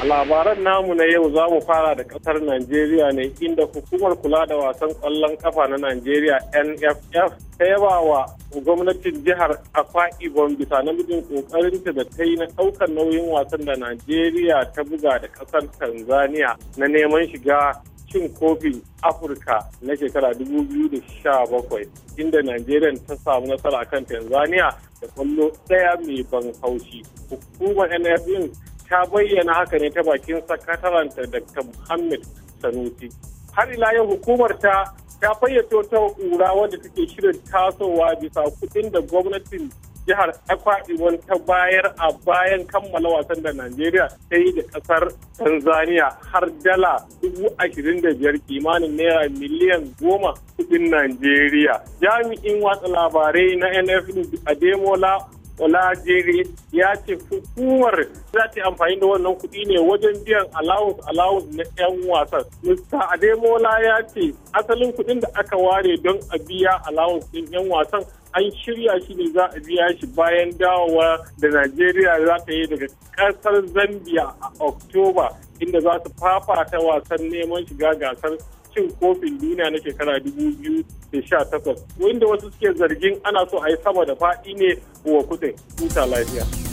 A labaran namu na yau za mu fara da kasar Najeriya ne inda hukumar kula da wasan kwallon kafa na Najeriya NFF ta yaba wa gwamnatin jihar Akwa Ibom bisa namijin kokarinta da ta yi na ɗaukar nauyin wasan da Najeriya ta buga da kasar Tanzania na neman shiga cin kofin Afirka na shekara 2017 inda Najeriya ta samu nasara kan Tanzania da kwallo ɗaya mai ban haushi. Hukumar NFF ta bayyana haka ne ta bakin sakataranta Dr. Muhammad Sanusi. Har ila yau hukumar ta ta fayyato ta ƙura wadda take shirin tasowa bisa kuɗin da gwamnatin jihar wani ta bayar a bayan kammala wasan da Najeriya ta yi da ƙasar Tanzania har dala dubu ashirin da biyar kimanin naira miliyan goma kuɗin Najeriya. Jami'in watsa labarai na NFN Ademola Olajere ya ce hukumar za ta amfani da wannan kuɗi ne wajen biyan allowance allowance na 'yan wasan. Mr. Ademola ya ce asalin kuɗin da aka ware don a biya allowance ɗin 'yan wasan an shirya shi ne za a biya shi bayan dawowa da Najeriya za ta yi daga ƙasar Zambia a Oktoba inda za su fafata wasan neman shiga gasar cin kofin duniya na shekara 2018 wanda wasu suke zargin ana so a yi sama da faɗi ne wa kudin huta lafiya.